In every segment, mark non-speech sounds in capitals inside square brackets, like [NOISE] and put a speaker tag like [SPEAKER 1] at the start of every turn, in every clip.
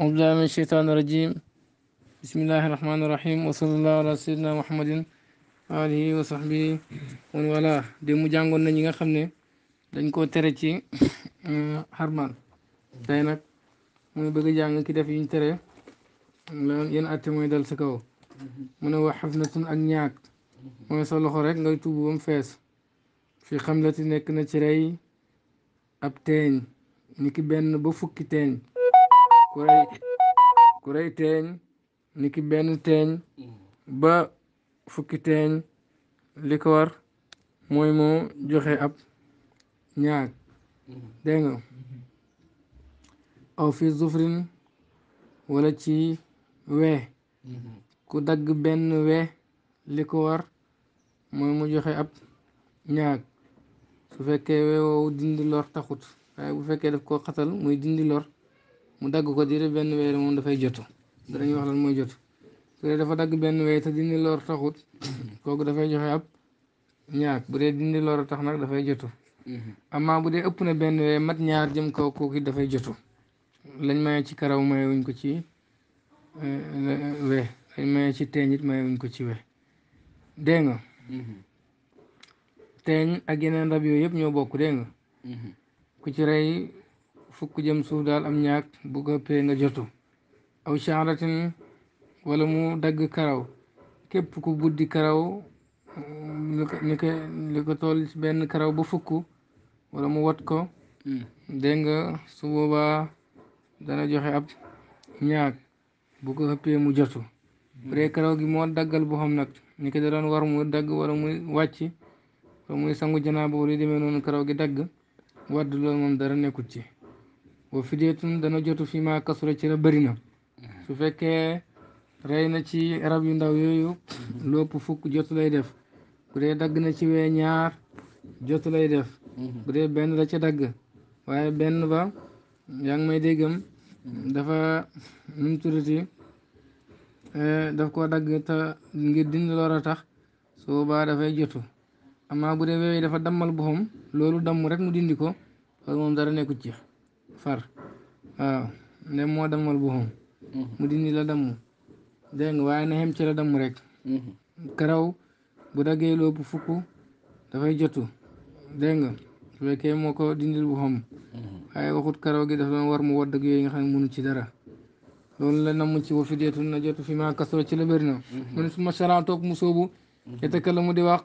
[SPEAKER 1] أعوذ من الشيطان الرجيم بسم الله الرحمن الرحيم وصلى الله على سيدنا محمد عليه وصحبه ومن والاه دي مو جانغون نيغا خامني دنجكو تري سي حرمان تاي نك مو بيغ جانغ كي داف يون تري لان ين اتي موي دال سكو من هو حفنه اك نياك موي سولو خو رك غاي توبو بام فيس في خملتي نيك نتي ري اب تين نيكي بن بو فوكي ku rey ku rey teeñ niki benn teeñ ba fukki teeñ li ko war mooy moo joxe ab ñaar dégg nga aw fi zufrin wala ci we ku dagg benn we li ko war mooy mu joxe ab ñaag su fekkee we woowu dindi lor taxut waaye bu fekkee def koo xatal muy dindi lor mu dagg ko diir benn weer moom dafay jotu dañuy wax lan mooy jotu su dee dafa dagg benn weer te dindi lor taxut kooku dafay joxe ab ñaar bu dee dindi lor tax nag dafay jotu amma bu dee ëpp na benn weer mat ñaar jëm ko kooku dafay jotu lañ maye ci karaw maye wuñ ko ci we lañ maye ci teeñ it maye wuñ ko ci we dégg nga teeñ ak yeneen rab yooyu yëpp ñoo bokk dégg nga ku ci rey fukk jëm suuf daal am ñaag bu ko nga jotu aw chaaratin wala mu dagg karaw képp ku guddi karaw ni eh, ko li ko toll benn karaw bu fukk wala mu wat ko hmm. dégg nga su boobaa dana joxe ab ñaag bu ko ëppee mu jotu hmm. bu karaw gi moo daggal boo xam nag ni ko da doon war mu dagg wala muy wàcc wala muy sangu janaaba wala demee noonu karaw gi dagg wadd loolu moom dara nekkut ci wa fideetun dana jotu fi ma kasura ci la bëri na su fekkee rey na ci rab yu ndaw yooyu lopp fukk jotu lay def bu dee dagg na ci wee ñaar jotu lay def bu dee benn la ca dagg waaye benn ba yaa ngi may déggam dafa nu mu tuddati eh, daf koo dagg te ngir dindi lor a tax soo boobaa dafay jotu amaa bu dee wee dafa dammal boppam loolu damm rek mu dindi ko loolu moom dara nekkut ci far waaw ne moo dammal boppam
[SPEAKER 2] mm-hmm.
[SPEAKER 1] mu dindi la damm dégg nga waaye na xem ci la damm rek
[SPEAKER 2] mm-hmm.
[SPEAKER 1] karaw bu daggee lu ëpp fukk dafay jotu dégg nga su fekkee moo ko dindil boppam mm-hmm. waaye waxut karaw gi dafa doon war mu wadd ak yooyu nga xam ne mënu ci dara loolu la na jotu fi ci la bëri na kala mu di wax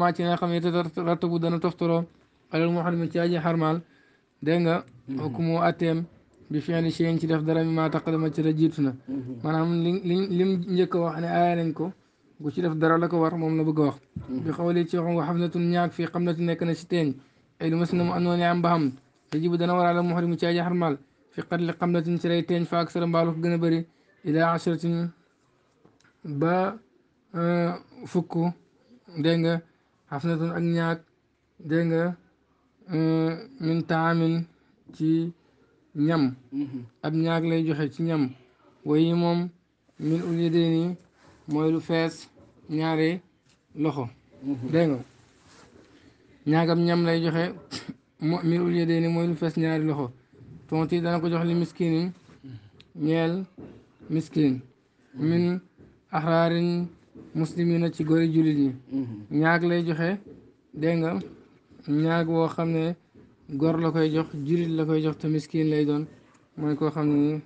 [SPEAKER 1] maa ci nga xam ne yetta rattabu dana toftaloo alal muharrami ci aji xarmaal dégg nga xukumu atteem bi fi'li shay'in ci def dara mi maa taqaddama ci la jiitu na maanaam li li lim njëkk a wax ne aaya nañ ko ku ci def dara la ko war moom la bëgg a wax bi xawli ci waxam wa xamnatun ñaag fii xam natu nekk na si teen ay lu mas na mu andoona am ba xam yajibu dana war ala muhrimu ci aji xarmaal fi qatli xam natin ci lay teen fa ak sara mbaalu ko gën a bëri ilaa ashratin ba fukk dégg nga xafnatun ak ñaag dégg nga min taamin ci ñam mm-hmm. ab ñaag lay joxe ci ñam wayi moom min ul yadayni mooy lu fees ñaari loxo mm-hmm. dégg nga ñaagam lay joxe [COUGHS] min ul fees ñaari loxo tonti dana ko jox li miskinin
[SPEAKER 2] mm-hmm.
[SPEAKER 1] ñeel miskin min axraarin muslimina ci góori jullit ñi ñaag lay joxe dégg ñaag woo xam ne gor la koy jox jurit la koy jox te miskin lay doon mooy koo xam ne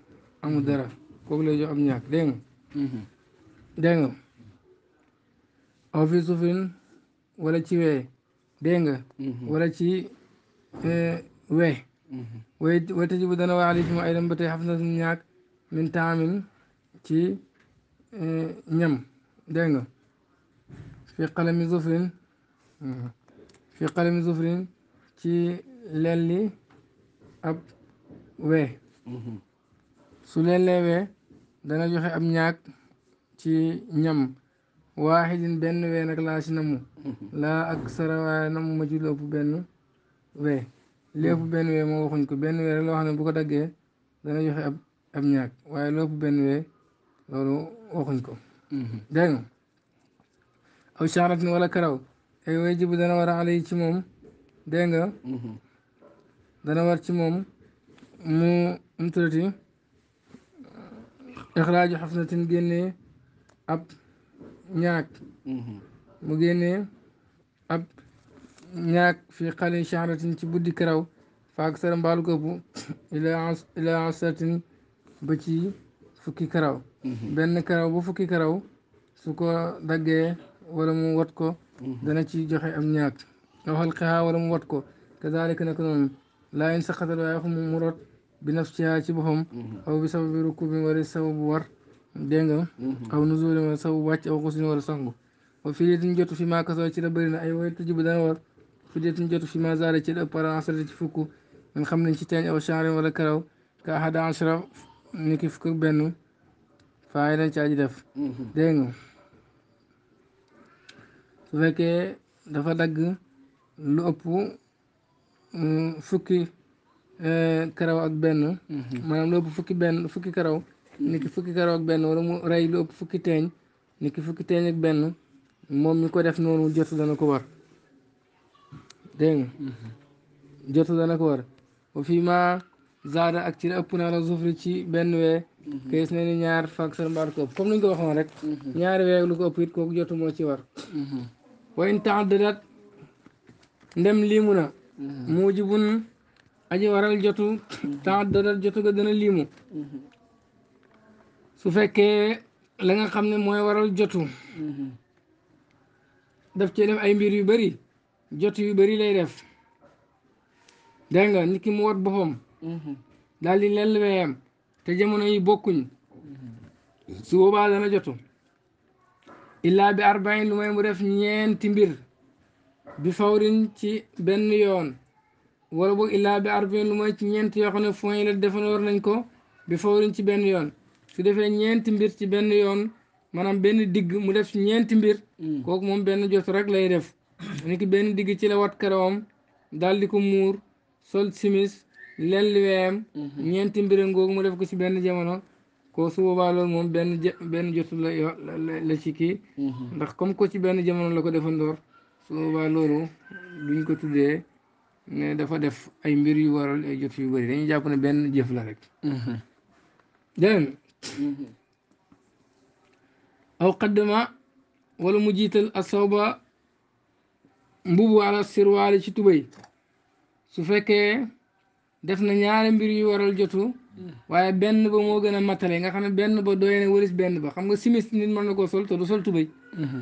[SPEAKER 1] amul dara kooku lay jox am ñaag dégg nga mhm. dégg nga aw fi sufin wala ci wee dégg nga mhm. walla ci e, wee mhm. way way tëji bu dana waali ci mu ay dem ba tey xaf na ñaag min taamin ci e, ñam dégg nga fi xalami sufin fi xalami zufrin ci lelli ab we mhm. su lellee we dana joxe ab ñaak ci ñam waaxidin benn we nag laa ci namu mhm. laa ak waaye namu ma ci lépp mhm. benn we lépp benn we moo waxuñ ko benn we rek loo xam ne bu ko daggee dana joxe ab ab ñaag waaye lépp benn we loolu waxuñ ko dégg nga aw charatin wala karaw ay wajibu dana war a ci moom dégg nga mm-hmm. dana war ci moom mu mu tuddati ixraaju xafnatin génnee ab ñaak mm-hmm. mu génnee ab ñaak fi xali shahratin ci buddi karaw faak sara mbaalu këpp ilaa ba ci fukki karaw mm-hmm. benn karaw bu fukki karaw su daggee wala mu wat ko mhm. dana ci joxe am ñaat aw xalqihaa wala mu wat ko kazaalika nag noonu laa in saqatat waaye waxu mu rot bi nafsihaa ci boppam mhm. aw bi sababi rukubin wala sababu war dégg nga mhm. aw nuzulin wala sababu wàcc aw xusin wala sangu wa fidiyatin jotu fi maa kasoo ci la bëri na ay way tujibu dana war fidiyatin jotu fi maa zaale ci la ëpp ci fukk man xam nañ ci teeñ aw chanrin wala karaw ka ahada achra ni ki fukk benn faay nañ ci aji def su fekkee dafa dagg lu ëpp mm, fukki eh, karaw ak benn mhm. maanaam lu ëpp fukki benn fukki karaw ni ki fukki karaw ak benn wala mu rey lu ëpp fukki teeñ ni fukki teeñ ak benn moom mi ko def noonu jotu dana ko war dégg nga mhm. dana ko war ba fii ma zaada ak ci la ëpp naa la zufri ci benn wee
[SPEAKER 2] mhm. kees
[SPEAKER 1] ne ni ñaar fak sar mbaar ko ëpp comme ni ñu ko waxoon rek ñaari wee lu ko ëpp it kooku jotu moo ci war wa in taaddadat ndem liimu na muujibun mm-hmm. aji waral jotu mm-hmm. taaddadat jotu ga dana liimu mm-hmm. su fekkee la nga xam ne mooy waral jotu daf cee def ay mbir yu bari jot yu bari lay def dégg nga nit ki mu wat boppam daal di lell te jamono yi bokkuñ su boobaa dana jotu illaa bi arbain lu may mu def ñeenti mbir bi fawrin ci benn yoon wala boo illaa bi arbain lu may ci ñeenti yoo xam ne foin la nañ ko bi fawrin ci benn yoon su defee ñeenti mbir ci benn yoon maanaam benn digg mu def ci ñeenti mbir mm. kooku moom benn jot rek lay def ni ki benn digg ci la wat karawam daal di ko muur sol simis lelliweem mm-hmm. ñeenti mbir ngoogu mu def ko ci benn jamono ko su loolu moom benn benn jotul la la ci kii mhm. ndax comme ko ci benn jamono la ko defandoor su boobaa loolu duñ ko tuddee ne dafa def ay mbir yu waral jot yu bari dañuy jàpp ne benn jëf la rek mhm. dégg mhm. aw qaddama wala mu jiital asawba mbubu ala sirwaali ci tubay su fekkee def na ñaari mbir yu waral jotu waaye benn ba moo gën a matale nga xam ne benn ba doy na benn ba xam nga simis nit mën na koo sol te du sol tubéy mhm.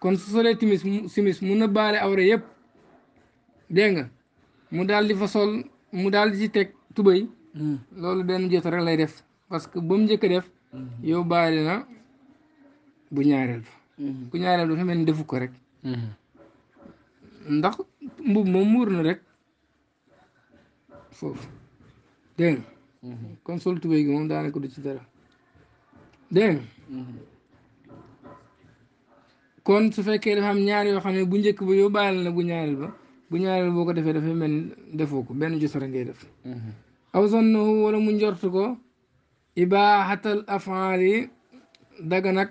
[SPEAKER 1] kon su solee timis simis mun na baale awra yëpp dégg nga mu daal di fa sol mu daal di ci teg tubéy mhm. loolu benn jot rek lay def parce que ba njëkk def mhm. yow baale na bu ñaareel ba bu ñaareel dafa mel ni defu ko rek ndax mbub moom muur na rek kon sol tubéy gi moom su fekkee dafa am ñaar yoo xam ne bu njëkk ba yóbbaale na bu ñaareel ba bu ñaareel boo ko defee dafay mel defoo ko benn jotara ngay def aw sonnahu wala mu njort ko ibaaxatal afaal yi daga nag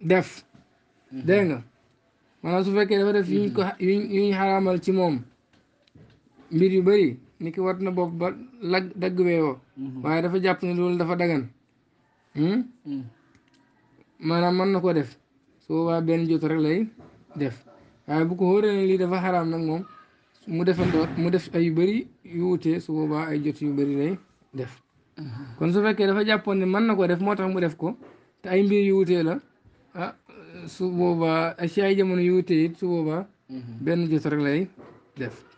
[SPEAKER 1] def dégg nga maanaam su fekkee dafa def yuñ ko yuñ ci moom mbir yu bari ni ki war na bopp ba lag dagg weewoo mhm. waaye dafa jàpp ne loolu dafa dagan hmm? Hmm. maanaam mën na ko def su benn jot rek lay def waaye bu ko wóoree ne lii dafa xaram nag moom mu defandoo mu def ay bëri yu wutee su boobaa ay jot yu bari lay def mhm. kon su fekkee dafa jàppoon ne mën na ko def moo tax mu def ko te ay mbir yu wutee la ah su boobaa ci ay jamono yu wutee it su mhm. benn jot rek lay def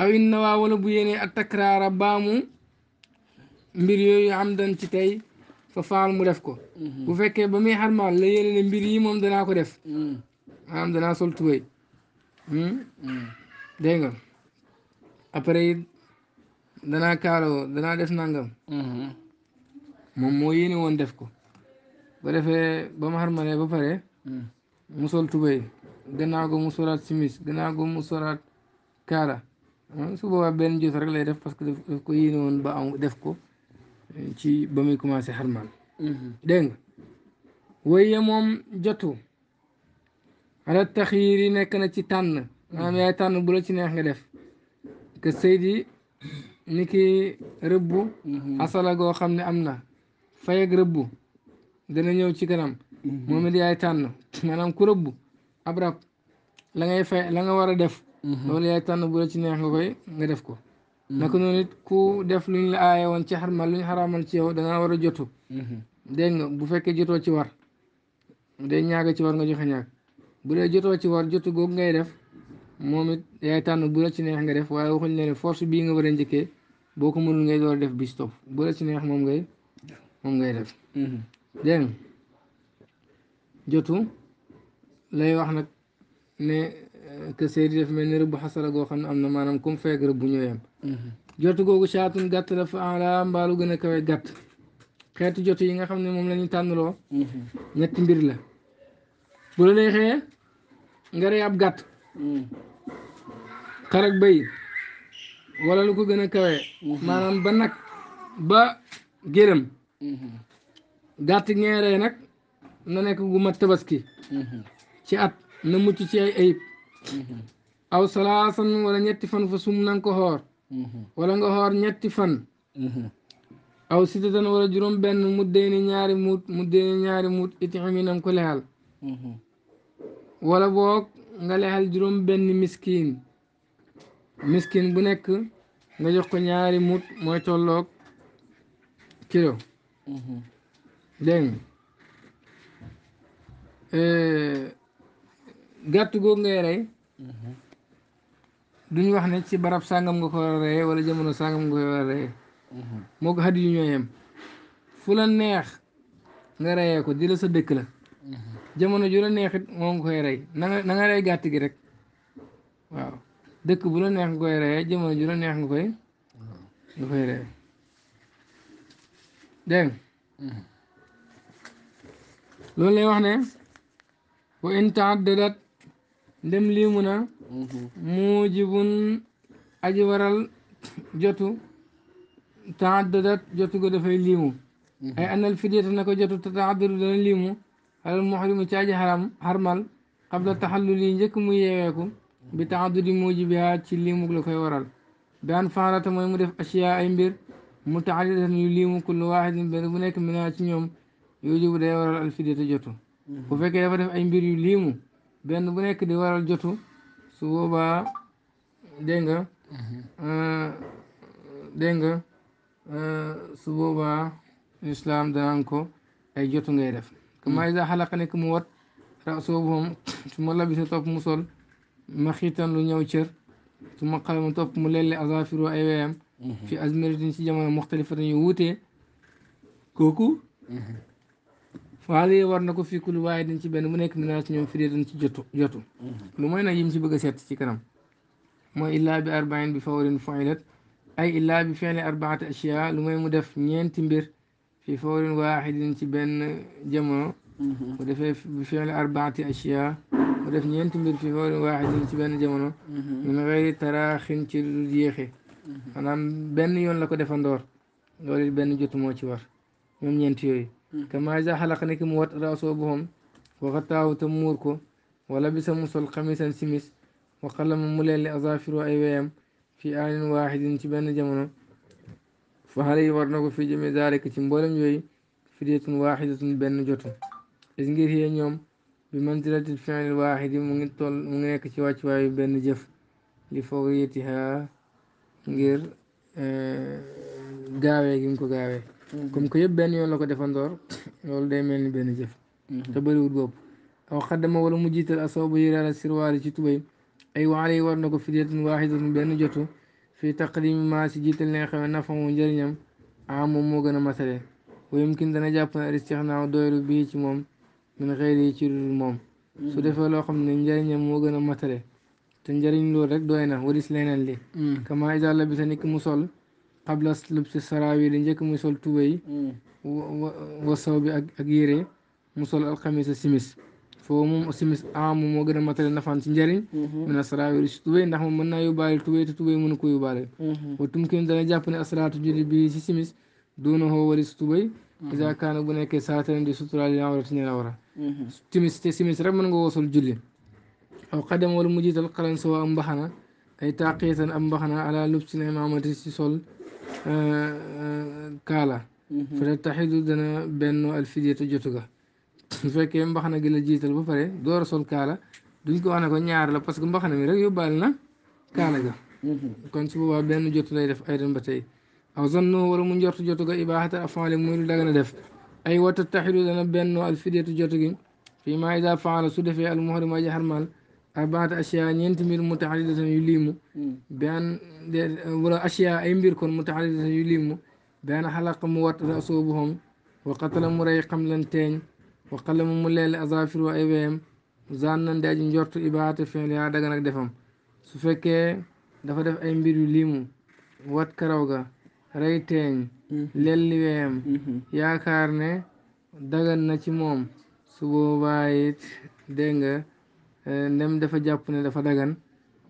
[SPEAKER 1] awin na waa wala bu yéene ak takraara baamu mbir yooyu am dan ci tey fa faal mu def ko mhm. bu fekkee ba muy xarmaal la yéene ne mbir yi moom danaa ko def
[SPEAKER 2] mhm. maanaam
[SPEAKER 1] danaa sol tubéy hmm? mhm. dégg nga après danaa kaaloo danaa def nangam moom moo yéene woon def ko ba defee ba mu xarmalee ba pare mu sol tubéy gannaaw go mu soraat simis gannaaw go mu soraat kaala su boobaa benn jot rek lay def parce que daf ko woon ba am def ko eh, ci ba muy commencé xarmal mhm. dégg nga waaye moom jotu ala taxiir yi nekk na ci tànn maanaam yaay tànn bu la ci neex nga def que Seydi niki [SNIFFS] ki rëbbu mhm. asala goo xam ne am na fay ak rëbbu dana ñëw ci kanam mhm. moom it yaay tànn [LAUGHS] maanaam ku rëbbu ab rab la ngay fay la nga war a def Mm-hmm. loolu yaay tànn bu la ci neex nga koy nga def ko
[SPEAKER 2] mm-hmm. naka noonu
[SPEAKER 1] it ku def lu ñu la aaye woon ci xarmal lu ñu xaraamal ci yow da war a jotu mm-hmm. dégg nga bu fekkee jotoo ci war day ñaaga ci war nga joxe ñaag bu dee jotoo ci war jotu googu ngay def moom it yaay tànn bu la ci neex nga def waaye waxuñ ne force bii nga war a njëkkee boo ko mënul ngay door def bis topp bu la ci neex moom ngay moom ngay def dégg jotu lay wax nag ne Euh, que Seydou def mel ni rëbb goo xam ne am na maanaam comme feeg rëbb bu ñëwee
[SPEAKER 2] mhm.
[SPEAKER 1] googu saatun gàtt la fa ala mbaalu gën a kawe gàtt xeetu jot yi nga xam ne moom la ñu tànnaloo. Mhm. ñetti mbir la. bu la neexee nga rey ab gàtt. Mhm. xar ak béy lu ko gën a kawe. maanaam ba nag ba gëlëm. gàtt ngeen nag na nekk gu mat ci at na mucc ci ayib. aw salaasan wala ñetti fan fa sum na nga ko mhm. wala nga xoor ñetti fan mhm. aw sitatan wala juróom benn mu deeni ñaari muut mu deeni ñaari muut iti xami na ko lexal mhm. wala boog nga lexal juróom benn miskin miskin bu nekk nga jox ko ñaari mut mooy tolloog kilo dégg gàtt googu ngay rey mhm. duñ wax ne ci barab sàngam nga ko war a reyee wala jamono sàngam nga ko war a reyee mhm. moo ko xadi yu ñoo yem fu la neex nga reye ko di la sa dëkk la
[SPEAKER 2] mhm.
[SPEAKER 1] jamono ju la neexit moo nga koy rey na nga na nga gi rek waaw dëkk bu la neex nga koy reye jamono ju neex nga koy nga koy wax ne wa in taaddadat ndem lii mun a waral jotu taaddadat jotu go dafay liimu mm-hmm. ay annal fidyata na ko jotu te taaddadu dana liimu alal muhrimu ci aji haram harmal qabla taxalluli njëkk mu yeeweeku bi taaddudi muujibiha ci liimug la koy waral daan faarata mooy mu def asiya ay mbir mu yu liimu kullu waahidin benn bu nekk minaa ci ñoom yoojubu day waral al fidyata jotu
[SPEAKER 2] mm-hmm. bu
[SPEAKER 1] fekkee dafa def ay mbir yu liimu benn bu nekk di waral jotu su boobaa dégg nga mhm. dégg nga su boobaa islam danaan ko ay jotu ngay def mhm. kama isa xalaqa nekk mu wat raasoo boom su ma labisa topp mu sol ma xiitan lu ñëw cër su ma xalama topp mu lelle azafiro ay weyam mhm. fi azmiratin ci jamono muxtalifatin ñu wuutee kooku waal yi war na ko fikkul waaye dañ ci benn mu nekk minaa si ñoom firi dañ ci jotu jotu lu mooy na yim ci bëgg a ci kanam mooy illaa bi arbain bi fawrin ay illaa bi fiili arbaati ashyaa lu mooy mu def ñeenti mbir fi fawrin waaxidin ci benn jamono mhm. mu defee def ñeenti mbir fi fawrin ci benn jamono mhm. min xeyri taraaxin ci lu yéexe
[SPEAKER 2] mhm.
[SPEAKER 1] maanaam benn yoon la ko defandoor loolu benn jotu moo ci war ñoom ñeenti yooyu كما إذا حلقنك موت بهم وغطاه تموركو ولبس مصل قميصا سمس وقلم ملي لأظافر أيوام في آل واحد تبان جمنا فهل ورنكو في جميع ذلك تنبولم يوي فدية واحدة بين جوتو إذن هي نيوم بمنزلة الفعل الواحد ممكن تول ممكن كتشوا تشوا بين جف لفوريتها غير gaawee gi mu comme que yëpp benn yoon la ko defandoor loolu day mel ni benn jëf te bëriwul bopp aw xaddama wala mu jiital asooba yëraala sirwaari ci tubay ay waale yi war na ko fideetun waaxidatun benn jotu fii taqdimi maa si jiital li nga xam ne nafa moom njëriñam ah moom moo gën a matale wa yumkin dana jàpp na istixnaa doylu bii ci moom min xëyri yi ci dul moom su defee loo xam ne njëriñam moo gën a matale te njëriñ loolu rek doy na walis leneen li kama idaa labisa ni ki mu sol xabla lubsi saraawil yi njëkk muy sol tuba mm. yi bi ak ak yére mu sol alxamisa simis foofu moom simis amu moo gën a matale nafaan ci njëriñ mun mm-hmm. a saraawil si tubay ndax moom mën naa yóbbaale tubay tu tubay mënu ko yóbbaale mm-hmm. wa tumkin dana jàpp ne asraatu julli bi si simis doona hoo wari si tubay
[SPEAKER 2] mm-hmm. isa
[SPEAKER 1] kaana bu nekkee saatan di suturaal yi ti ñeen awra simis te simis rek mën nga woo sol julli aw xadam wala mu jiital xalan soo ay taaqiitan am mbaxana ala Ah, ah, kaala mhm. fata taxidu dana benn alfidiyata jotu ga [LAUGHS] fekkee mbaxana gi la jiital ba pare door a sol kaala duñ ko wax ne ko ñaar la parce que mbaxana mi rek yóbbaale na kaala ga mhm. kon su boobaa benn def ay dan ba tey aw zanno wala mu njort jotu ga ibaaxata afaale muy lu dagana def ay wata taxidu dana benn alfidiyata jotu gi maa ida faala su defee almuharima ji xarmaal أربعة أشياء ينتمر متعددة يليم بأن ولا أشياء ينبركم متعددة يليم بأن حلق موت رأسوبهم وقتل مري قملنتين وقلم مليل أظافر وإبهم zannan daji njort ibaata fiil yaa dagan ak defam su fekkee dafa def ay mbir yu limu wat karaw ga rey teeñ lelli weyam yaakaar ne dagan na ci moom su boobaa it dégg nga Euh, ndem dafa jàpp ne dafa dagan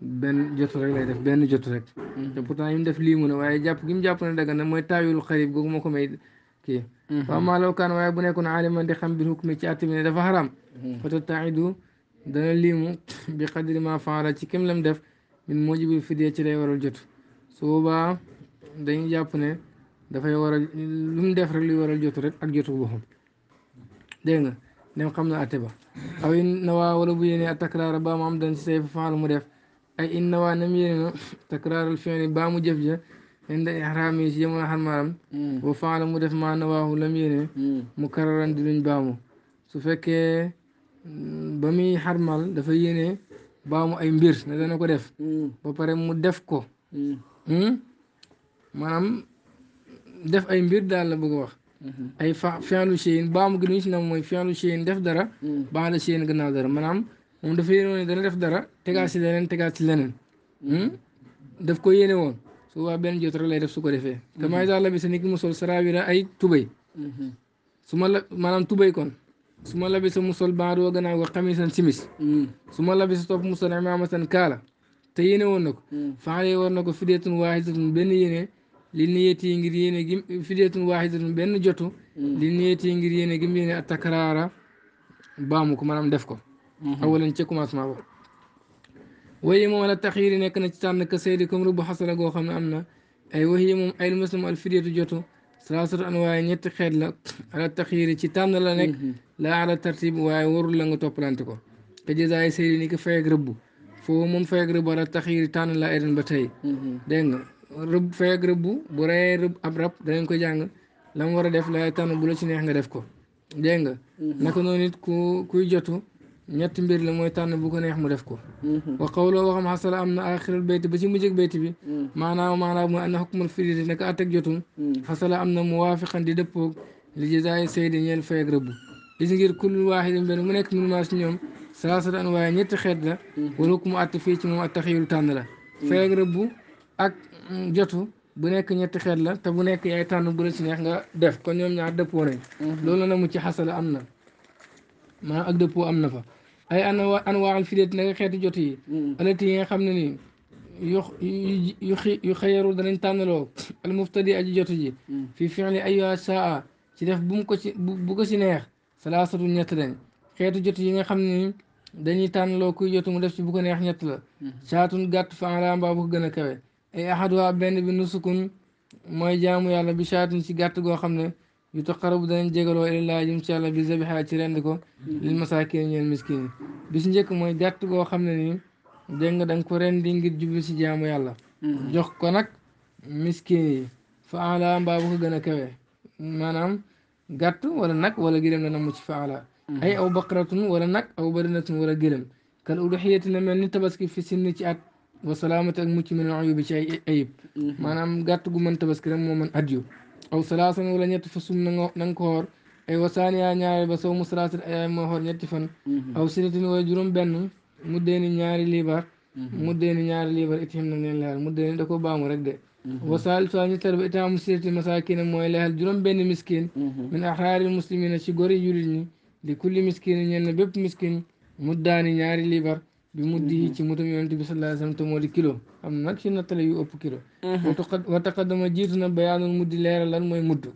[SPEAKER 1] benn jotu rek lay def benn jotu rek mm. te pourtant yi mu def lii mu ne waaye jàpp gi mu jàpp ne dagan na mooy taa taayul xarib googu moo ko may kii waaw mm-hmm. maaloo kaan waaye bu nekkoon aaliman di xam bi hukmi ci àtt bi ne dafa xaram
[SPEAKER 2] mm-hmm. fata
[SPEAKER 1] taidu dana liimu bi xadri ma faara ci kim lam def min mujibil fidya ci lay waral jot su boobaa dañu jàpp ne dafay waral lu mu def rek luy waral jotu rek ak jotu boppam nga نم قمنا أتبا أو إن نوا ولو بيني التكرار با مامدن سيف فعل مريف أي إن نوا نميري تكرار الفعل با مجف جا عند إحرامي سيما حرمارم وفعل مريف ما نوا ولم يري مكررا دلين بامو سوفك بمي حرمال دفيني بامو أي مبير نزانو كدف بباري مدفكو مانام def ay mbir dal la bëgg wax ay fa fi'lu shay'in baamu gi lu ñu si nam mooy fi'lu shay'in def dara baa mm. ba'da shay'in gannaaw dara maanaam moom dafa yéene woon ne def dara tegaat si leneen tegaat si leneen hmm? daf ko yéene woon su boobaa benn jot rek lay def su ko defee kama mm-hmm. iza labisa ni ki mu ay tubay mm-hmm. su ma la maanaam tubay kon su ma labisa mu sol baado gannaaw ko xamisan simis mm. su ma labisa topp mu sol imaamatan kaala te yéene woon na ko mm. faale woon na ko fideetun waahidatun benn yéene li niyati yi ngir yéene gim fidyatun waaxidatun benn jotu mm. li niyati yi ngir yéene gim yéene baamu ko maanaam def ko mm-hmm. awalan ca commencement ba waye moom ala taxiiri nekk na ci tànn ka saydi comme rubu xasara goo xam ne am na ay waye moom ay muslim al fidyatu jotu salaasatu an waaye ñetti xeet la ala taxiiri ci tànn la nekk mm-hmm. laa ala tartib waaye warul la nga toppalante ko te jazaay saydi ni ko fayeg rëbb foofu moom fayeg rëbb ala taxiiri tànn la eden ba tey
[SPEAKER 2] mm-hmm.
[SPEAKER 1] rëbb feeg rëbbu bu reyee rëbb ab rab danañ ko jàng la mu war a def la tànn bu la ci neex nga def ko dégg nga. naka noonu it ku kuy jotu ñetti mbir la mooy tànn bu ko neex mu def ko. wa qawloo waxam xasala am na axiral bayti ba ci mujjëg bayti bi. maanaam maanaam mooy anna xukmal firidi naka àtt ak jotu. xasala am na mu waafiqan di dëppoog li jisaay saydi ñeel feeg rëbbu gis ngir kullu waaxidin benn mu nekk mënumaa si ñoom salaasata an waaye ñetti xeet la. wala ku mu ci moom ak taxiyul la. feeg rëbbu ak. Mm, jotu bu nekk ñetti xeet la te bu nekk yaay tànn bu la neex nga def kon ñoom ñaar dëppoo nañ mhm. loolu na mu ci xasala am na maanaam ak dëppoo am na fa ay ana anwaal fideet naka xeeti jot yi mhm. alati yi nga xam ne nii yu yu danañ tànnaloo mhm. al muftadi aji jotu ji fii fiili ayyuha ci def bu mu ko ci bu ko ci neex salaasatu ñett lañ xeetu jot yi nga xam ne dañuy tànnaloo kuy jotu mu def ci bu ko neex ñett la saatun gàtt fa en mbaa bu ko gën a kawe axaduwaa benn bi nusukun mooy jaamu yàlla bi shaatin ci gàtt goo xam ne yu taqarabu danañ jégaloo ilallaa jëm ci yàlla bi zabiha ci rend ko lil masaakin ñeen miskin bi si njëkk mooy gàtt goo xam ne ni dégg nga da nga ko rendi ngir jublu ci jaamu yàlla mm-hmm. jox ko nag miskin yi faala mbaa bu ko gën a kawe maanaam gàtt wala nag wala gërëm la na mu ci faala mm-hmm. ay aw baqaratun wala nag aw barinatun wala gërëm kal uduxiyati na mel ni tabaski fi sinni ci at وسلامة مت من العيوب شيء عيب ما نام قط قمن تبسكرم ومن أديو أو سلاسة ولا نيت فسوم ننكور أي وساني أنا بس بسوم سلاسة أي مهور نيت فن أو سنتين جروم بنو مدين نياري ليبر مدين نياري ليبر إتهم نيل لهال مدين دكوا بام ورقد وسال سواني ترب إتهم مسيرة مساكين موي لهال جرم بن مسكين من أحرار المسلمين شجوري يوريني لكل مسكين ين مسكين مداني نياري ليبر bi muddi yi mhm. ci mutam yonente bi sallallahu alayhi wa sallam moo di kilo am na nag ci nattale yu ëpp kilo mhm. wa taqaddama jiitu na bayaanul muddi leeral lan mooy mudd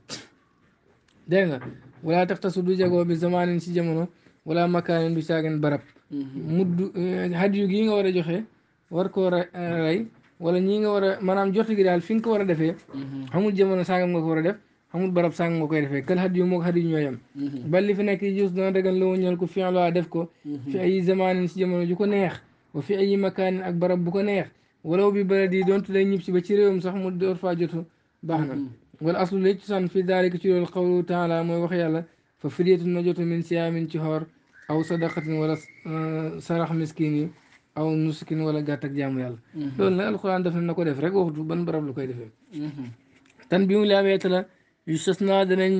[SPEAKER 1] dégg nga wala taxtasu du jagoo bi zamaanin ci jamono wala makaanin du caagin barab mhm. mudd eh, hadiyu gi nga war a joxe war koo eh, rey wala ñi nga war a maanaam joxe gi daal fi nga ko war a defee xamul jamono nga ko war a def amul barab sàng nga koy defee kal xat yu moog xat yu ñooyam balli fi nek jius dana degal lo ñal ko fienlowaa def ko fi ay zaman ci jamono ju ko neex wa fi ay makan ak barab bu ko neex walaw bi barad yi doontu lay ñib ci ba ci rewum sax mu door fa jotu baxna wal aslu li ci san fi daalika ci lol qawlu taala moy wax yàlla fa fidyatun najatu min siyamin ci hor aw sadaqatin wala sarah miskini aw nusukin wala gàtt ak jaamu yàlla lol na alquran def na ko def rek waxtu ban barab lu koy defé tan bi mu laabeeta la يستثنى دنين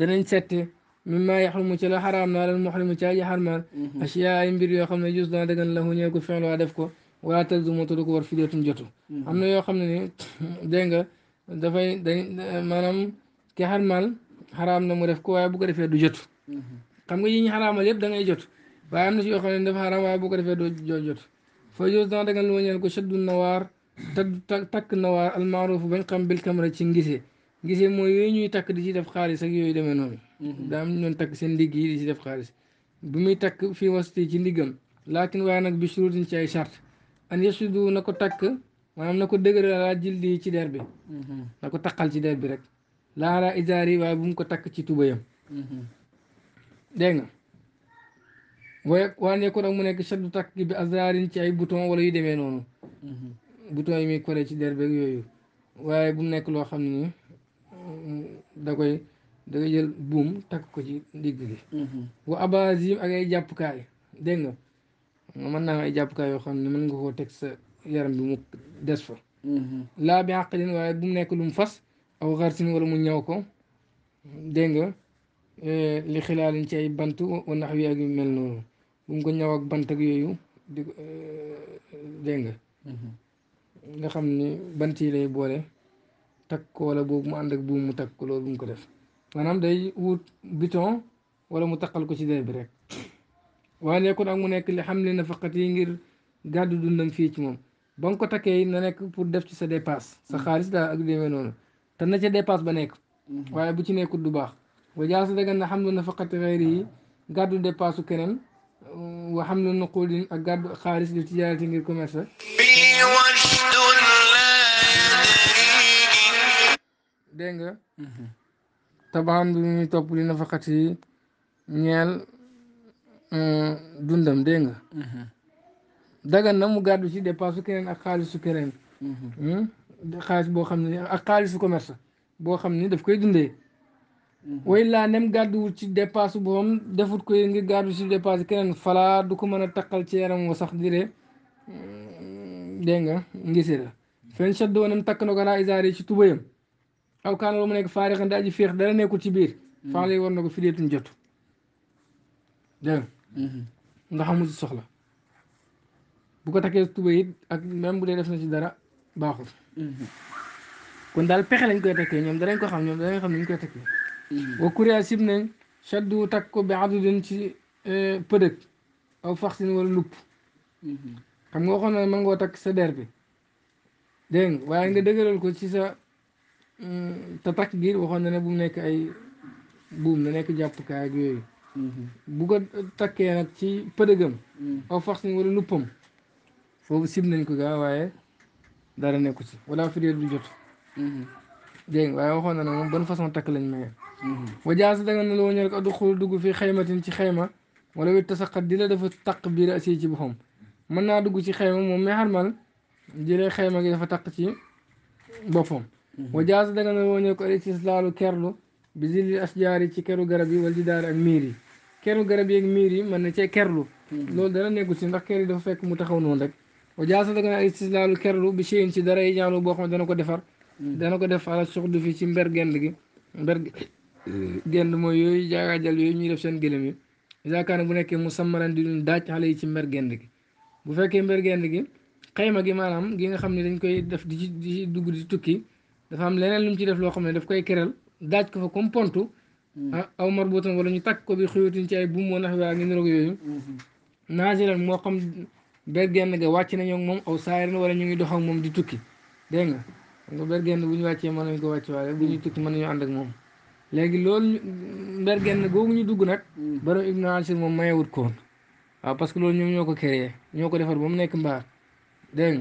[SPEAKER 1] دنين ست مما يحرم تلا حرام على المحرم تاج حرم أشياء يمبر يا خمن يجوز دنا دكان له نيا كفعل وعدفك ولا تلزم تلوك ورفيدة جتو أما يا خمن دينغ دفع منام كحرم حرام نمر فك وابوك رفيا دجتو كم يجي حرام عليه دنا يجتو بعمر شيء خمن دفع حرام وابوك رفيا دجتو فيجوز دنا دكان له نيا كشد النوار تك تك النوار المعروف بين قم بالكمرة تشينجسي gisee mooy yooyu ñuy takk di ci def xaalis ak yooyu demee noonu mhm. daa am ñoon takk seen ndigg di ci def xaalis bi muy takk fii wasti ci ndiggam laakin waaye nag bi surutin ci ay charte an yasudu na ko takk maanaam na ko dëgëral laa jildi ci der bi mhm. na ko taqal ci der bi rek laa ala isaar yi waaye bu mu ko takk ci tubayam mhm. dégg nga waaye waan ko nag mu nekk chaddu takk gi bi ci ay bouton wala yu demee noonu bouton yi muy ci der bi yooyu waaye bu mu nekk loo xam ne nii da koy da koy jël buum takk ko ci digg li wa abazim ak ay jàppukaay dégg nga mën naa am ay jàppukaay yoo xam ne mën nga koo teg sa yaram bi mu des fa mm-hmm. laa bi àqlin waaye bu nekk lu mu fas aw xarsin wala mu ñëw ko dégg nga eh, li xilaalin ci ay bant wa nax ak mel noonu bu mu ko ñaw ak bant ak yooyu di eh, mm-hmm. nga xam ni bant yi lay boole takk ko wala boobu mu ànd ak buum mu takk ko loolu bu mu ko def maanaam day wut wala mu taqal ko ci dee bi rek waaye nekkoon ak mu nekk li xam li nafaqat yi ngir gàddu dundam fii ci moom ba nga ko takkee na nekk pour def ci sa dépasse sa xaalis daal ak demee noonu te na ca dépasse ba nekk mhm. waaye bu ci nekkul du baax wa jaasa dagan na xam lu nafaqati xayri yi gàddu dépasse u keneen wa xam lu nuqulin ak gàddu xaalis li tijaarati ngir commerce dégg nga mhm. tabaxam bi muy topp li nafaxat yi ñeel euh, dundam dégg nga mhm. dagan na mu gàddu ci dépense su keneen ak xaalisu keneen mhm. hmm? xaalis boo xam ne ak xaalisu commerce boo xam ni daf koy dundee way laa nem gàdduwul ci dépense boobam defut koy ngi gàddu ci dépense keneen falaa du ko mën a taqal ci yaram wa sax dire hmm, dégg nga ngisi la fen shaddoonam takk na ko alaa isaari ci tubayam aw kaan loolu mu nekk faarixan daa ji féex dara nekkul ci biir.
[SPEAKER 2] Mm-hmm. faa lay
[SPEAKER 1] war na ko fideetuñ jot. dégg
[SPEAKER 2] nga mm-hmm.
[SPEAKER 1] xamul ci soxla bu ko takkee tuba it ak même bu dee def na ci dara baaxul. Mm-hmm. kon daal pexe lañ koy takkee ñoom danañ ko xam ñoom danañ xam ni ñu koy takkee. wa kuréel sib nañ chaddu takk ko ba adudin ci e, pëdëg aw faxsin wala lupp.
[SPEAKER 2] nga
[SPEAKER 1] waxoon na mën ngoo sa der bi waaye nga dëgëral ko ci sa. te takk giir waxoon na ne bu nekk ay buum na nekk jàppukaay ak
[SPEAKER 2] mhm.
[SPEAKER 1] ko takkee nag ci pëdëgam mhm. aw faxsin wala nuppam foofu sib nañ ko gaa waaye dara nekku ci wala firéer du jot mhm. dégg waaye waxoon na na moom ban façon takk lañ maye wajaas da nga ne la woñu rek dugg fii xaymatin ci xayma wala wit tasaqat di la dafa taq biir asiy ci boppam mën naa dugg ci xayma moom mais xarmal jëlee xayma gi dafa taq ci boppam wa jaas daga na woo ko istislaalu kerlu bi zilli asjaar yi ci keru garab yi wala jidaar ak miir yi keru garab yi ak miir yi mën na cee kerlu hmm. loolu dara nekkul si ndax ker yi dafa fekk mu taxaw noonu rek wa jaas daga na istislaalu kerlu bi cheyin ci dara yi ñaanu boo xam ne dana ko defar hmm. dana ko def ala suxdu fi ci mber gend gi mber gend mooy yooyu jaagaajal yooyu ñuy def seen gëlëm yi yaakaar bu nekkee mu sammaran di duñ daaj xale yi ci mber gend gi bu fekkee mber gend gi xayma gi maanaam gi nga xam ne dañ koy def di ci dugg di tukki dafa am leneen lu mu ci def loo xam ne daf koy keral daaj ko fa comme pontu. Hmm. Ah, aw marbuutan wala ñu takk ko bi xuyutin ci ay buum wala waa ngi niroog yooyu. Hmm. naazilan moo xam bergenn ga wàcc nañoo moom aw saayiran wala ñu ngi dox ak moom di tukki dégg nga nga bergenn bu ñu wàccee mën nañu ko wàcc waale bu ñuy tukki mën nañu ànd ak moom. léegi loolu bergenn googu ñu dugg nag. Hmm. borom Ibnu Asir moom mayewut ko woon waaw que loolu ñoom ñoo ko créé ñoo ko defar ba mu nekk mbaar dégg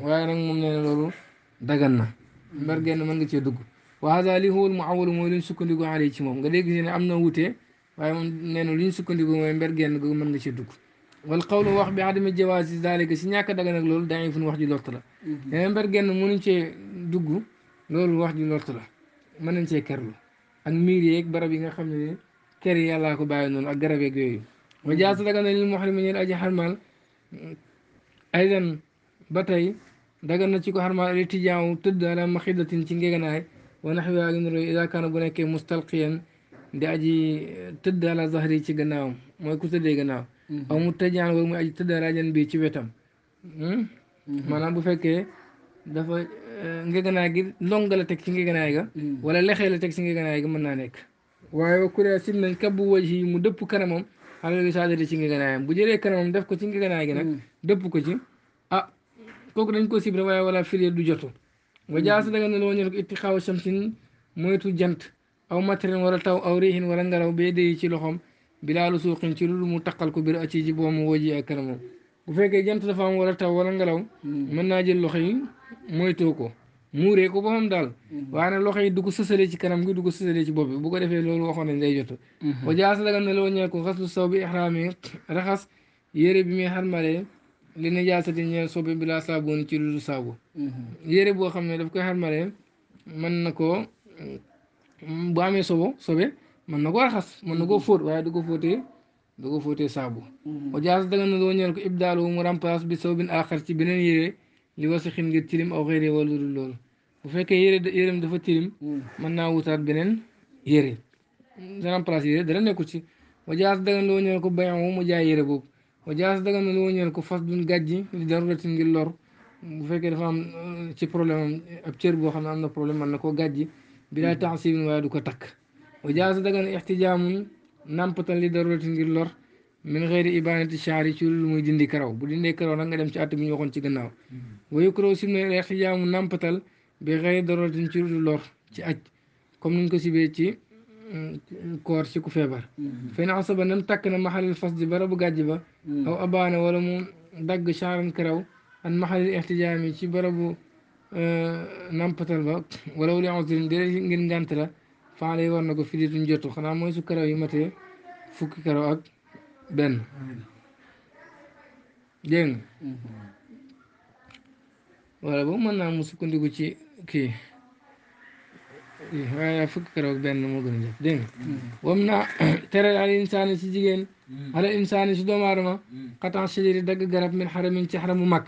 [SPEAKER 1] waaye nag moom nee na loolu dagan na. mbar geen mën nga cee dugg wa hada li huwa muawalu mooy lu ñu sukkandiku alay ci moom nga dégg si ne am na wutee waaye moom nee na lu ñu sukkandiku mooy mbar genn googu mën nga cee dugg wal qawlu wax bi adami jawaasi zalika si ñàkk a daga nag loolu daa fu wax ji lott la mhm. nee mbar genn mënuñ cee dugg lu wax ji lott la mën nañ cee kerlu ak miir yeeg barab yi nga xam ne ker yi yàllaa ko bàyyi noonu ak garab yeeg yooyu wa jaasa daga na lil muhrimi ñeen aji xarmal aydan ba tey dagan na ci ko xarmal ma tëdd ala maxidatin ci ngeganaay wa naxwi ak nuru ida kaana bu nekkee mustalqiyan di aji eh, tëdd ala zahri ci gannaawam mooy ku tëddee gannaaw mhm. aw mu tajaan wala muy aji tëdd ala jan bi ci wetam hmm? mhm. maanaam bu fekkee dafa eh, ngeganaay gi longa la teg ci ngeganaay ga mhm. wala lexee la teg ci ngeganaay ga mën naa nekk waaye wa kuréel sim nañ kabbu waj yi mu dëpp kanamam xalal gi saadari ci ngeganaayam bu jëlee kanamam def ko ci ngeganaay gi nag dëpp ko ci ah, kooku dañ ko sib rek waaye wala firiye du jotu wa jaasa daga ne loo ñel ko itti xaaw shamsin moytu jant aw matarin wala taw aw riixin wala ngelaw bee dee ci loxoom bilaalu suuqin ci lu mu taqal ko biir a ci ji boomu wooji ak kanamam bu fekkee jant dafa am wala taw wala ngelaw
[SPEAKER 2] hmm. mën
[SPEAKER 1] naa jël loxo yi moytoo ko muuree ko boppam daal hmm. waaye nag loxo yi du ko sësalee ci kanam gi du ko sësalee ci bopp bi bu ko defee loolu waxoon nañ day jotu hmm. wa jaasa daga ne loo ñel ko xaslu saw bi ixraami raxas yére bi muy li nijaasati ñeel sobe bi laa saaboon ci lu du saabu mm-hmm. yére boo xam ne daf koy xarmale man na ko bu amee sobo sobe mën na ko raxas mën na ko mm-hmm. fóot waaye du ko fóotee ko fóotee saabu mm-hmm. o jaas daga na loo ñeel ko ibdaal mu bi saw bin aaxar ci beneen yére li wasi xin ngir tilim aw xëy wala lu dul bu fekkee yére yérem dafa tilim mën naa wutaat beneen yére remplace yére dara ci o jaas daga na loo jaay yére boobu wa jaas dagan na lu wañeel ko fas duñ gàjji li darurati ngir lor bu fekkee dafa am euh, ci problème am ab cër boo xam ne a na problème mën na koo gàjji bi laa hmm. taasibin waaye du ko takk wa jaas dagan na ixtijaamun nàmpatal li darurati ngir lor min xeeri ibanati shaari ci lu muy dindi karaw bu dindee karaw nag nga dem ci at bi ñu waxoon ci gannaaw hmm. wayu karaw sim ne ixtijaamun nàmpatal bi xeeri daruratin ci lor ci aj comme niñ ko sibee ci كورشي كفيبر فين عصب ان متكن المحل الفصدي برا بقاجبة او ابانا ولمو دق شعر كرو المحل الاحتجامي شي برا بو آه، نام بطل با ولو لي عوزين ديري نجن جانترا فعلي ورنكو في ديتون جرتو خنا مويسو كرو يمتي فوك كرو اك بن أيوة. جين ولا بو من نامو سكون ديكو كي yaa fukki keroog benn moo gën a jëf dégg nga wam naa tere al insaani si jigéen ala insaani si doomu aadama xatan shajari dagg garab min xaramin ci xaramu mag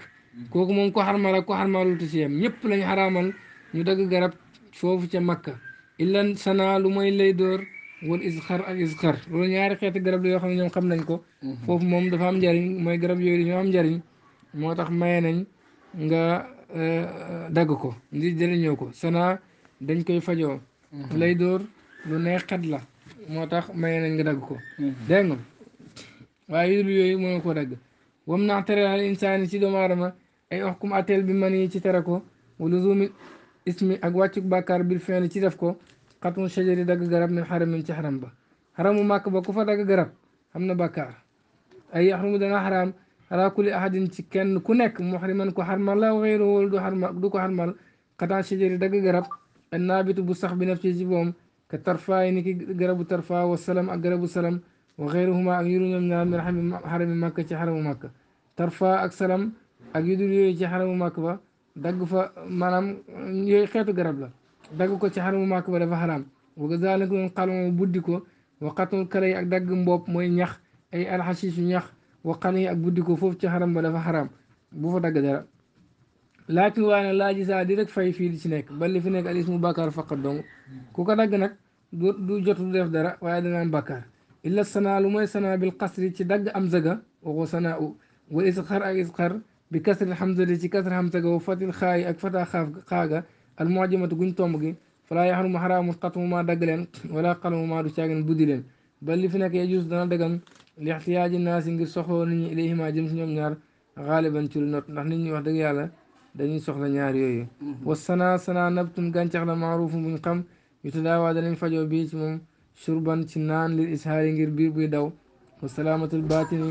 [SPEAKER 1] kooku moom ko xarmal ak ko xarmalutu si yem ñëpp lañ xaraamal ñu dagg garab foofu ca makka illan sana lu mooy lay door wal isxar ak isxar loolu ñaari xeeti garab la yoo xam ne ñoom xam nañ ko foofu moom dafa am njariñ mooy garab yooyu ñoo am njariñ moo tax maye nañ nga eh, dagg ko ngir jëriñoo ko sana dañ koy fajoo mhm. lay door lu neex xet moo tax may nañ nga dagg ko mhm. dégg nga waaye yudul yooyu mënoo ko dagg wam nax tere al insaani ci doomu aadama ay oxkum atteel bi man yi ci tere ko wala zumi ismi ak wàccu bàkkaar bi fenn ci def ko xatun shajari dagg garab min xaramin ci xaram ba xaramu màkk ba ku fa dagg garab xam na bàkkaar ay yaxrumu dana xaraam ala kulli ahadin ci kenn ku nekk mu ko xarmal la wayru wala du xarmal du ko xarmal xatan shajari dagg garab النابت بصخ بنفس زبوم كترفاين قرب ترفا والسلام أقرب سلم وغيرهما أجيرون من الحرم حرم مكة حرم مكة ترفا أكسلم أجيدون يوي حرم مكة دقوا فا مانام يوي خيطو قرب لا دقوا كو حرم مكة لفا حرام وغزالك ونقالوا مبودكو وقاتل الكلي أكدق مبوب موي نيخ أي الحشيش نيخ وقاني أكبودكو فوف حرم لفا حرام بوفا دقا دارا laakin waaye nag laa gisaa di rek fay fii di ci nekk ba li fi nekk al ismu bàkkaar faqat dong ku ko dagg nag du du jotu def dara waaye danaan bàkkaar illa sanaa lu mooy sanaa bil qasri ci dagg am zaga waxu sanaa u wa isqar ak isqar bi kasri xamzati ci kasri xamzaga wa fatil xaayi ak fataa xaaf xaaga al muajamatu guñ tomb gi falaa yaxrumu xaraamu xatmu maa dagg leen wala xalamu maa du caagin buddi leen ba li fi nekk yajus dana dagan li ixtiyaaji naasi ngir soxloo nit ñi ilayhima jëm si ñoom ñaar xaaliban ci lu not ndax nit ñi wax dëgg yàlla dañuy soxla ñaar yooyu wa sana sana nabtun gàncax la maarufum buñ xam yu tadaawaa danañ fajoo bii ci moom surban ci naan lil ishaari ngir biir buy daw wa salaamatul baatini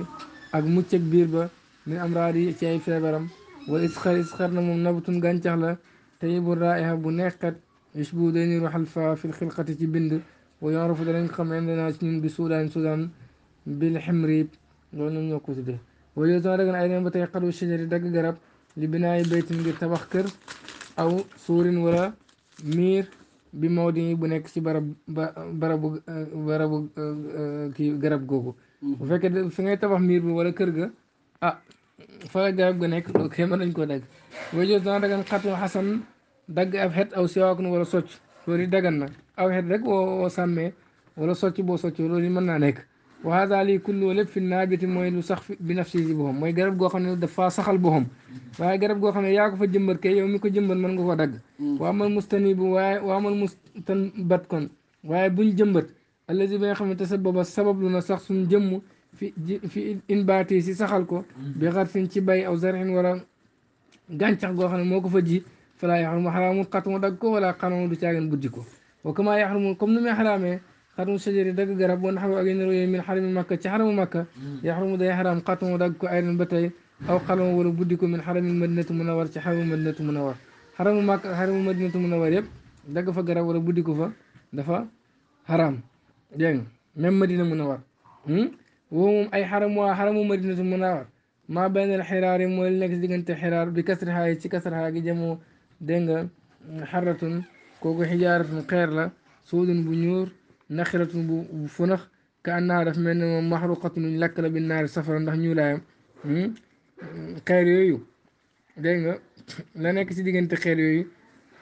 [SPEAKER 1] ak muccëg biir ba min amraad yi ci ay feebaram wal isxar isxar na moom nabtun gàncax la tayibu raiha bu neexat ishbu day niru xalfa fil xilqati ci bind wa ci ñun bi suudaan suudaan bil ximriib loolu ñoom ñoo ko tudde wala yow tamit ay dem ba shajari dagg garab li binaay baytin ngir tabax kër aw suurin wala miir bi mawdi bu nekk ci barab barabu eh, barabu eh, kii garab googu mhm. bu fekkee fi ngay tabax miir bi wala kër ga ah fa la garab ga nekk loolu kay mën nañ koo dagg way jos dana dagan xatu xasan dagg ab xet aw siwaakun wala socc loolu dagan na aw xet rek woo sàmmee wala socc boo socc loolu mën naa nekk wa hada lii kullu lépp fi naabiti mooy lu sax bi nafsi si boppam mooy garab goo xam ne dafa saxal boppam waaye garab goo xam ne yaa ko fa jëmbat kay yow mi ko jëmbat mën nga ko dagg waa man mustani bu waaye waa man mustan bat kon waaye buñ jëmbat allazi bi nga xam ne te sa booba sabab lu na sax suñ jëmm fi fi inbaati si saxal ko bi xarsin ci bay aw zarin wala gàncax goo xam ne moo ko fa ji falaa yaxarumu xaraamul xat mu dagg ko wala xanamu du caageen buddi ko wa kama yaxarumu comme nu muy xaraamee خرم شجر دق قرب ونحو أجن روي من حرم مكة تحرم مكة يحرم ذا يحرم قاتم ودق عير البتاي أو قلم ولو بدك من حرم المدنة منور تحرم المدنة منور حرم مكة حرم المدنة منور يب دق فقرب ولو بدك فا دفا حرام جن من مدينة منور هم وهم أي حرم وحرم مدينة منور ما بين الحرار مولك زيجنت حرار بكسرها يتكسرها جمو دنجا حرة كوكو حجارة من قيرلا سود بنيور نخلة بفنخ كأنها رف من محروقة من لكلة بالنار سفر ندخ نولايم خير يويو دينغا لانك سيدي انت خير يويو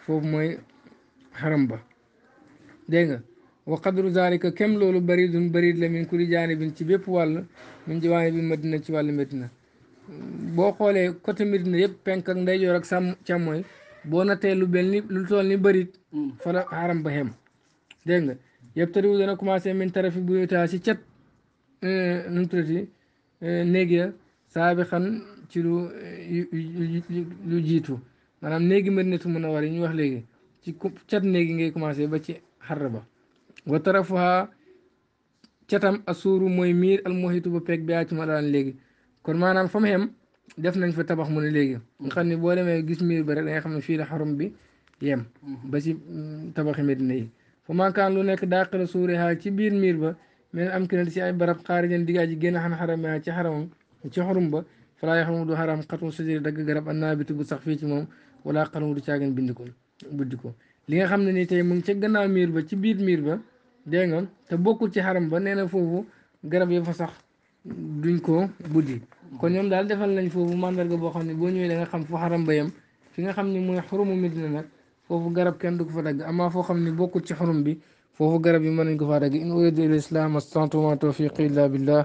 [SPEAKER 1] فوف موي حرم با دينغا وقدر ذلك كم لولو بريد بريد لمن كل جانب انت بيب وال من جوانب مدينة جوانب مدينة بو خولي كوتي مدينة يب پنك ندي جورك سام چاموي بو نتي لو بلني لو تولني بريد فلا حرم بهم دينغا yabtadiwu na commencé min tarafi buyutaa si cat nu mu tuddati néeg ya saabixan ci lu lu jiitu maanaam néegi Madinatu Munawwara yi ñu wax léegi ci cat néegi ngay commencé ba ci xarra ba wa tarafuha catam a asuuru mooy miir al muhitu ba peeg bi ci ma daan léegi kon maanaam fa mu def nañ fa tabax mu ne léegi nga xam ne boo demee gis miir ba rek da xam ne fii la xarum bi yem ba ci tabaxi Medina yi fu maakaan lu nekk dàqala suuri ha ci biir miir ba men am kinal si ay barab xaarijan diggaa ji a xan xarame ci xaramam ci xorum ba falaa yaxrumu du xaram xatun sajari dagg garab an naabitu bu sax fii ci moom wala xatun du caagan bind ko buddi ko li nga xam ne nii tey mu ngi ca gannaaw miir ba ci biir miir ba dégg nga te bokkul ci xaram ba nee na foofu garab ya fa sax duñ ko buddi kon ñoom daal defal nañ foofu mandarga boo xam ne boo ñëwee da nga xam fu xaram ba yem fi nga xam ne mooy xurumu Medina mag fofu garab kenn du ko fa dagg amaa foo xam ne bokkul ci xurum bi foofu garab yi mën nañ ko faa dagg in uridu il islam astantu ma tawfiqi illa billah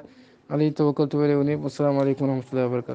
[SPEAKER 1] alayhi tawakkaltu wa ilayhi unib wassalaamu alaykum wa
[SPEAKER 2] rahmatullahi wa barakatuh